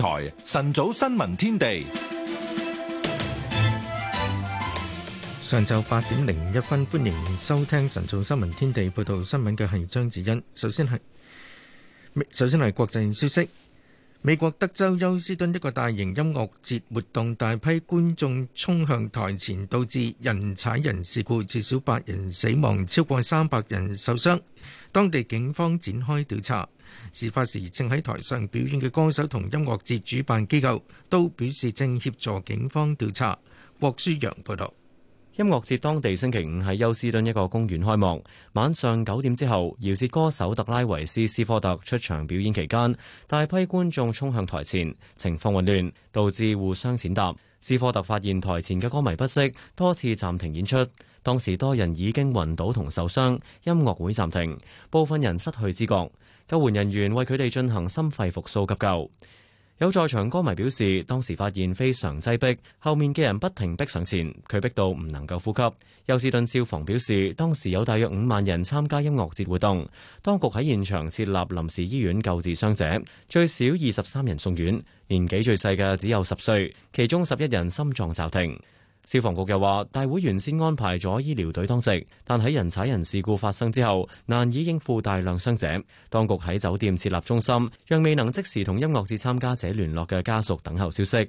台晨早新聞天地，上晝八點零一分，歡迎收聽晨早新聞天地。報道新聞嘅係張子欣。首先係，首先係國際消息。美國德州休斯敦一個大型音樂節活動，大批觀眾衝向台前，導致人踩人事故，至少八人死亡，超過三百人受傷。當地警方展開調查。事發時正喺台上表演嘅歌手同音樂節主辦機構都表示正協助警方調查。郭書洋報道，音樂節當地星期五喺休斯敦一個公園開幕，晚上九點之後，饒舌歌手特拉維斯·斯科特出場表演期間，大批觀眾衝向台前，情況混亂，導致互相踐踏。斯科特發現台前嘅歌迷不適，多次暫停演出。當時多人已經暈倒同受傷，音樂會暫停，部分人失去知覺。救援人員為佢哋進行心肺復甦急救。有在場歌迷表示，當時發現非常擠迫，後面嘅人不停逼上前，佢逼到唔能夠呼吸。休士頓消防表示，當時有大約五萬人參加音樂節活動，當局喺現場設立臨時醫院救治傷者，最少二十三人送院，年紀最細嘅只有十歲，其中十一人心臟驟停。消防局又話，大會原先安排咗醫療隊當值，但喺人踩人事故發生之後，難以應付大量傷者。當局喺酒店設立中心，讓未能即時同音樂節參加者聯絡嘅家屬等候消息。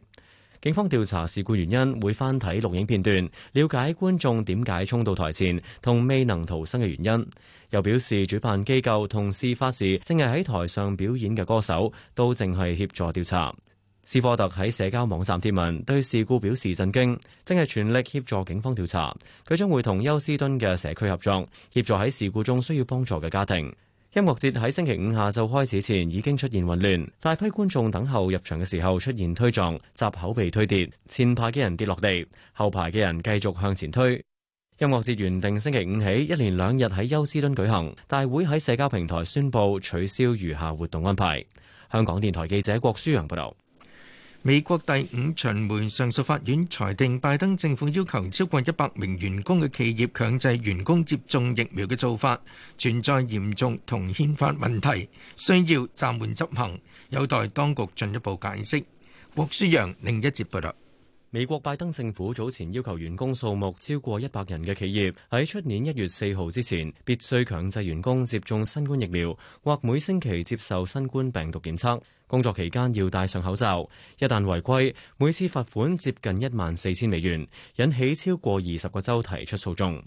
警方調查事故原因，會翻睇錄影片段，了解觀眾點解衝到台前同未能逃生嘅原因。又表示，主辦機構同事發時正係喺台上表演嘅歌手，都正係協助調查。斯科特喺社交網站貼文，對事故表示震驚，正係全力協助警方調查。佢將會同休斯敦嘅社區合作，協助喺事故中需要幫助嘅家庭。音樂節喺星期五下晝開始前已經出現混亂，大批觀眾等候入場嘅時候出現推撞，閘口被推跌，前排嘅人跌落地，後排嘅人繼續向前推。音樂節原定星期五起一連兩日喺休斯敦舉行，大會喺社交平台宣布取消餘下活動安排。香港電台記者郭舒揚報道。美國第五巡迴上訴法院裁定，拜登政府要求超過一百名員工嘅企業強制員工接種疫苗嘅做法存在嚴重同憲法問題，需要暫緩執行，有待當局進一步解釋。郭舒陽另一節報道。美國拜登政府早前要求員工數目超過一百人嘅企業喺出年一月四號之前，必須強制員工接種新冠疫苗或每星期接受新冠病毒檢測，工作期間要戴上口罩。一旦違規，每次罰款接近一萬四千美元，引起超過二十個州提出訴訟。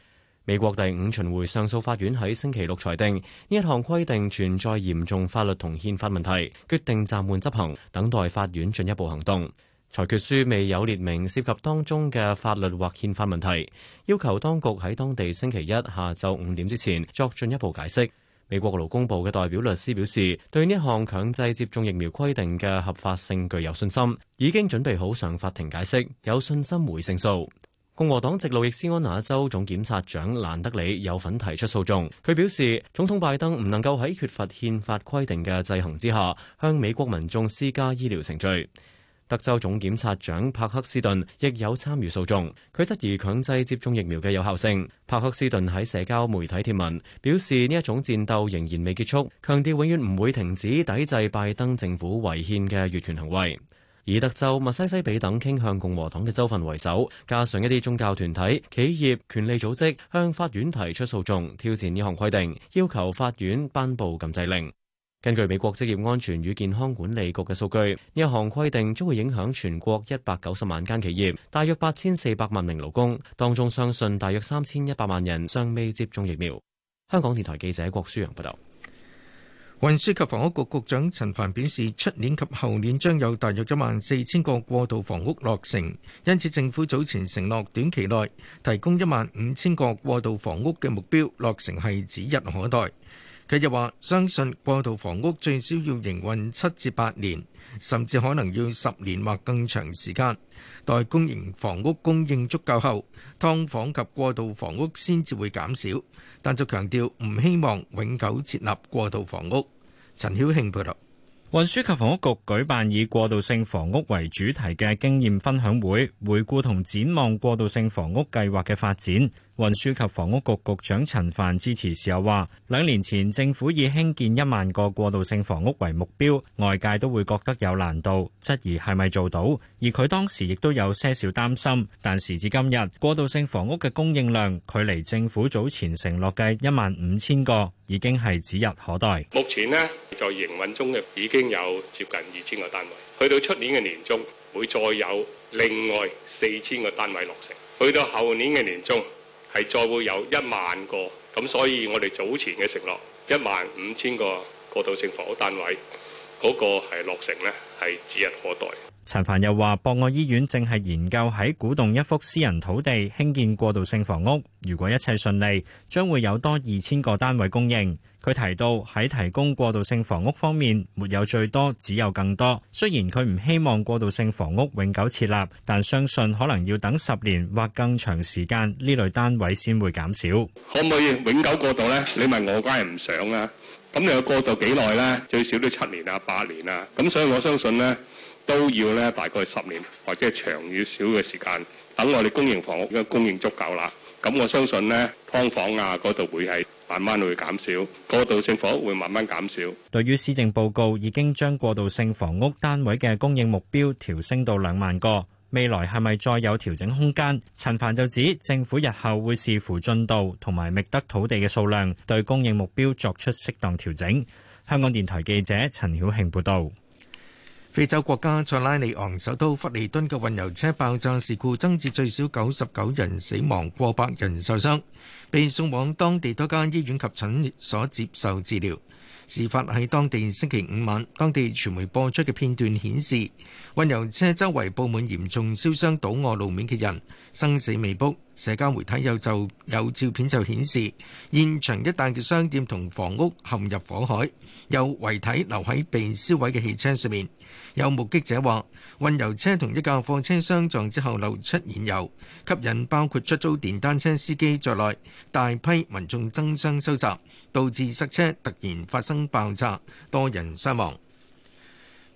美國第五巡迴上訴法院喺星期六裁定，呢一項規定存在嚴重法律同憲法問題，決定暫緩執行，等待法院進一步行動。裁決書未有列明涉及當中嘅法律或憲法問題，要求當局喺當地星期一下晝五點之前作進一步解釋。美國勞工部嘅代表律師表示，對呢項強制接種疫苗規定嘅合法性具有信心，已經準備好上法庭解釋，有信心會勝訴。共和黨籍路易斯安那州總檢察長蘭德里有份提出訴訟，佢表示總統拜登唔能夠喺缺乏憲法規定嘅制衡之下，向美國民眾施加醫療程序。德州總檢察長帕克斯頓亦有參與訴訟，佢質疑強制接種疫苗嘅有效性。帕克斯頓喺社交媒體貼文表示，呢一種戰鬥仍然未結束，強調永遠唔會停止抵制拜登政府違憲嘅越權行為。而德州、密西西比等傾向共和黨嘅州份為首，加上一啲宗教團體、企業、權利組織向法院提出訴訟，挑戰呢項規定，要求法院頒布禁制令。根據美國職業安全與健康管理局嘅數據，呢項規定將會影響全國一百九十萬間企業，大約八千四百萬名勞工，當中相信大約三千一百萬人尚未接種疫苗。香港電台記者郭舒揚報道。運輸及房屋局局長陳帆表示，出年及後年將有大約一萬四千個過渡房屋落成，因此政府早前承諾短期內提供一萬五千個過渡房屋嘅目標落成係指日可待。佢又話：相信過渡房屋最少要營運七至八年，甚至可能要十年或更長時間。待公營房屋供應足夠後，劏房及過渡房屋先至會減少。但就強調唔希望永久設立過渡房屋。陳曉慶報道，運輸及房屋局舉辦以過渡性房屋為主題嘅經驗分享會，回顧同展望過渡性房屋計劃嘅發展。運輸及房屋局局長陳帆支持時又話，兩年前政府以興建一萬個過渡性房屋為目標，外界都會覺得有難度，質疑係咪做到。而佢當時亦都有些少擔心，但時至今日，過渡性房屋嘅供應量，距離政府早前承諾嘅一萬五千個已經係指日可待。目前呢，在營運中嘅已經有接近二千個單位，去到出年嘅年終會再有另外四千個單位落成，去到後年嘅年終，係再會有一萬個，咁所以我哋早前嘅承諾，一萬五千個過渡性房屋單位，嗰個係落成咧，係指日可待。陳帆又話：博愛醫院正係研究喺古洞一幅私人土地興建過渡性房屋，如果一切順利，將會有多二千個單位供應。佢提到喺提供過渡性房屋方面，沒有最多，只有更多。雖然佢唔希望過渡性房屋永久設立，但相信可能要等十年或更長時間，呢類單位先會減少。可唔可以永久過渡呢？你問我，梗係唔想啦。咁你要過渡幾耐呢？最少都七年啊，八年啊。咁所以我相信呢。都要咧，大概十年或者長與少嘅時間，等我哋供應房屋嘅供應足夠啦。咁我相信咧，劏房啊嗰度會係慢慢會減少，過渡性房屋會慢慢減少。對於施政報告已經將過渡性房屋單位嘅供應目標調升到兩萬個，未來係咪再有調整空間？陳凡就指政府日後會視乎進度同埋覓得土地嘅數量，對供應目標作出適當調整。香港電台記者陳曉慶報道。非洲國家塞拉利昂首都弗里敦嘅運油車爆炸事故增至最少九十九人死亡，過百人受傷，被送往當地多間醫院及診所接受治療。事發喺當地星期五晚，當地傳媒播出嘅片段顯示，運油車周圍佈滿嚴重燒傷、倒卧路面嘅人，生死未卜。社交媒體有就有照片就顯示，現場一帶嘅商店同房屋陷入火海，有遺體留喺被燒毀嘅汽車上面。有目擊者話，運油車同一架貨車相撞之後漏出燃油，吸引包括出租電單車司機在內大批民眾爭相收集，導致塞車突然發生爆炸，多人傷亡。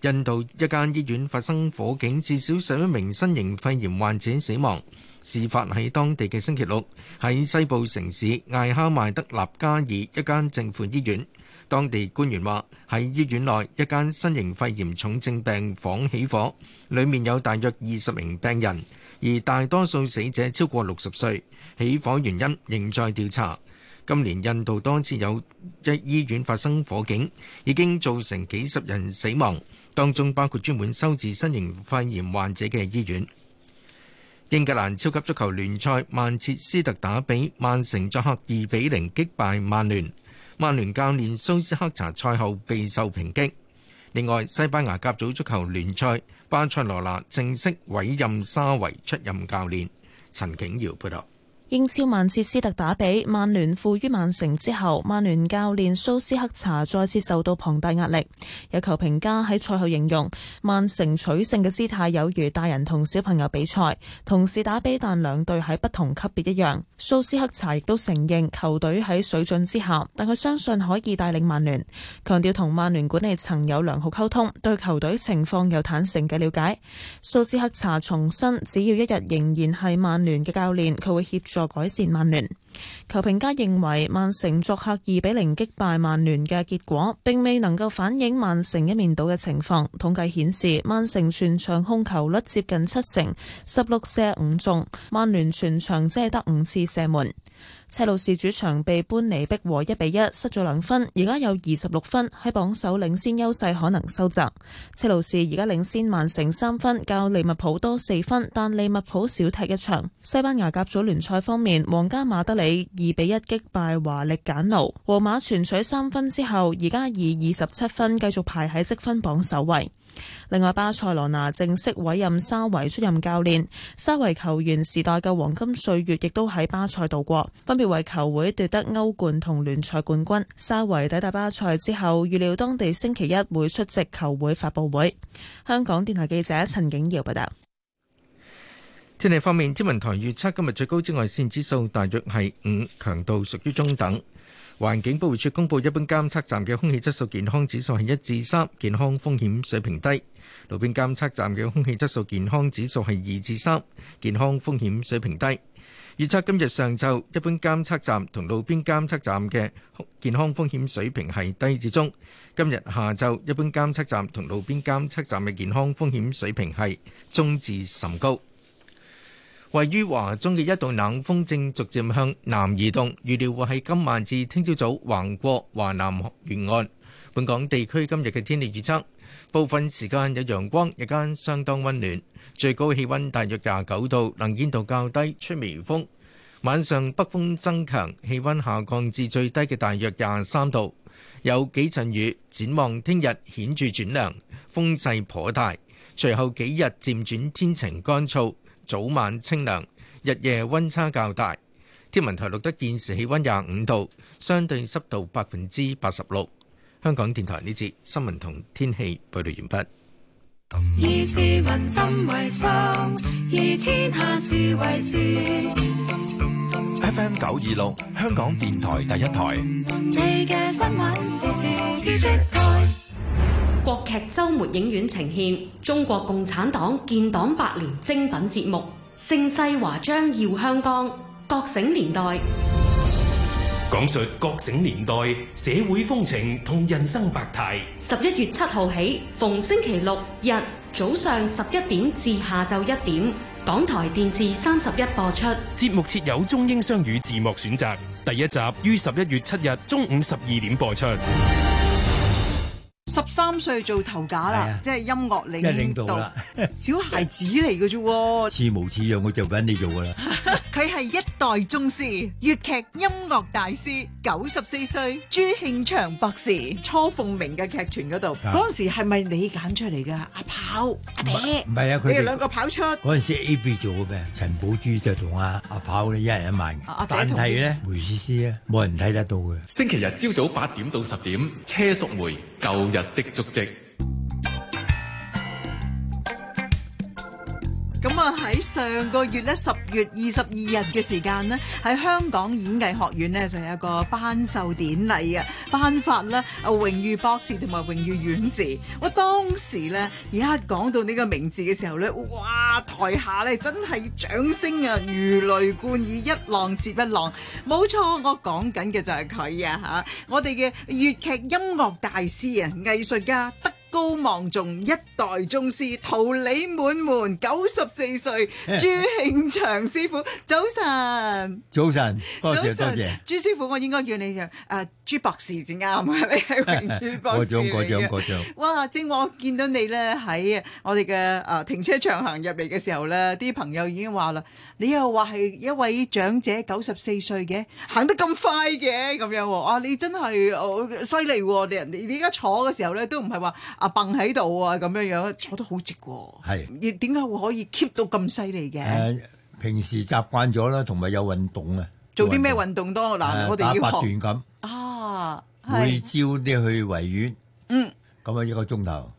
印度一間醫院發生火警，至少十一名新型肺炎患者死亡。事發喺當地嘅星期六，喺西部城市艾哈邁德納加爾一間政府醫院。當地官員話喺醫院內一間新型肺炎重症病房起火，裡面有大約二十名病人，而大多數死者超過六十歲。起火原因仍在調查。今年印度多次有一醫院發生火警，已經造成幾十人死亡，當中包括專門收治新型肺炎患者嘅醫院。英格蘭超級足球聯賽，曼徹斯特打比，曼城作客二比零擊敗曼聯，曼聯教練蘇斯克查賽後備受抨擊。另外，西班牙甲組足球聯賽，巴塞羅那正式委任沙維出任教練。陳景瑤報道。英超曼徹斯特打比，曼聯負於曼城之後，曼聯教練蘇斯克查再次受到龐大壓力。有球評家喺賽後形容，曼城取勝嘅姿態有如大人同小朋友比賽，同時打比，但兩隊喺不同級別一樣。蘇斯克查亦都承認球隊喺水準之下，但佢相信可以帶領曼聯，強調同曼聯管理層有良好溝通，對球隊情況有坦誠嘅了解。蘇斯克查重申，只要一日仍然係曼聯嘅教練，佢會協助。在改善曼聯。球評家認為曼城，作客二比零擊敗曼聯嘅結果，並未能夠反映曼城一面倒嘅情況。統計顯示，曼城全場控球率接近七成，十六射五中；曼聯全場只係得五次射門。車路士主場被搬嚟逼和，一比一，失咗兩分，而家有二十六分，喺榜首領先優勢可能收窄。車路士而家領先曼城三分，較利物浦多四分，但利物浦少踢一場。西班牙甲組聯賽方面，皇家馬德里。以二比一擊敗華力簡奴，皇馬全取三分之後，而家以二十七分繼續排喺積分榜首位。另外，巴塞羅那正式委任沙維出任教練。沙維球員時代嘅黃金歲月亦都喺巴塞度過，分別為球會奪得歐冠同聯賽冠軍。沙維抵達巴塞之後，預料當地星期一會出席球會發布會。香港電台記者陳景堯報道。天氣方面，天文台預測今日最高紫外線指數大約係五，強度屬於中等。環境保護署公布，一般監測站嘅空氣質素健康指數係一至三，3, 健康風險水平低；路邊監測站嘅空氣質素健康指數係二至三，3, 健康風險水平低。預測今日上晝一般監測站同路邊監測站嘅健康風險水平係低至中。今日下晝一般監測站同路邊監測站嘅健康風險水平係中至甚高。位於華中嘅一道冷風正逐漸向南移動，預料會喺今晚至聽朝早，早橫過華南沿岸。本港地區今日嘅天氣預測，部分時間有陽光，日間相當温暖，最高氣温大約廿九度，能見度較低，吹微風。晚上北風增強，氣温下降至最低嘅大約廿三度，有幾陣雨。展望聽日顯著轉涼，風勢頗大。隨後幾日漸轉天晴乾燥。早晚清涼，日夜溫差較大。天文台錄得現時氣溫廿五度，相對濕度百分之八十六。香港電台呢節新聞同天氣報道完畢。以市民心為心，以天下事為事。F.M. 九二六，香港電台第一台。國劇周末影院呈現中國共產黨建黨百年精品節目《盛世華章耀香江》。覺醒年代，講述覺醒年代社會風情同人生百態。十一月七號起，逢星期六日早上十一點至下晝一點，港台電視三十一播出。節目設有中英雙語字幕選擇。第一集於十一月七日中午十二點播出。三歲做頭架啦，啊、即係音樂領領導啦， 小孩子嚟嘅啫。似模似樣，我就俾你做噶啦。佢 係 一代宗師，粵劇音樂大師，九十四歲朱慶祥博士。雛鳳鳴嘅劇團嗰度，嗰陣、啊、時係咪你揀出嚟噶？阿跑阿唔係啊，佢哋兩個跑出嗰陣時 A B 做嘅咩？陳寶珠就同阿阿跑咧，一人一萬。阿炳睇咧，梅雪詩啊，冇人睇得到嘅。星期日朝早八點到十點，車淑梅。舊日的足跡。上個月咧十月二十二日嘅時間咧，喺香港演藝學院咧就有一個頒授典禮啊，頒發啦啊榮譽博士同埋榮譽院士。我當時咧，而家講到呢個名字嘅時候咧，哇！台下咧真係掌聲啊，如雷貫耳，一浪接一浪。冇錯，我講緊嘅就係佢啊嚇，我哋嘅粵劇音樂大師啊，藝術家。高望重，一代宗師，桃李滿門，九十四歲朱慶祥師傅。早晨，早晨，早晨朱師傅，我應該叫你誒。呃朱博士正啱啊！你係明珠博士嚟嘅。過獎過獎過獎哇！正我見到你咧喺我哋嘅誒停車場行入嚟嘅時候咧，啲朋友已經話啦：你又話係一位長者九十四歲嘅，行得咁快嘅咁樣喎！啊，你真係我犀利喎！你你而家坐嘅時候咧都唔係話啊，崩喺度啊咁樣樣，坐得好直喎。係是。點解會可以 keep 到咁犀利嘅？平時習慣咗啦，同埋有運動啊。做啲咩運動多嗱？我哋要學。打八段錦。啊！啊、每朝你去維園，咁啊、嗯、一個鐘頭，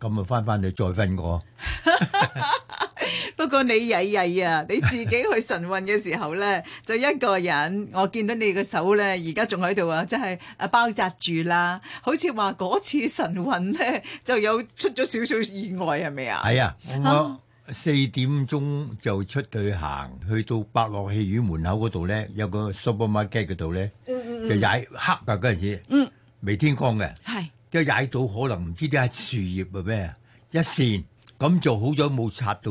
咁啊翻翻去再瞓過。 不過你曳曳啊，你自己去晨運嘅時候咧， 就一個人。我見到你個手咧，而家仲喺度啊，即係啊包紮住啦。好似話嗰次晨運咧，就有出咗少少意外係咪啊？係啊，我四點鐘就出去行，去到百樂戲院門口嗰度咧，有個 supermarket 嗰度咧。嗯嗯、就踩黑噶陣時嗯未天光嘅，係即係踩到可能唔知啲係樹葉啊咩，啊一扇咁就好咗冇插到。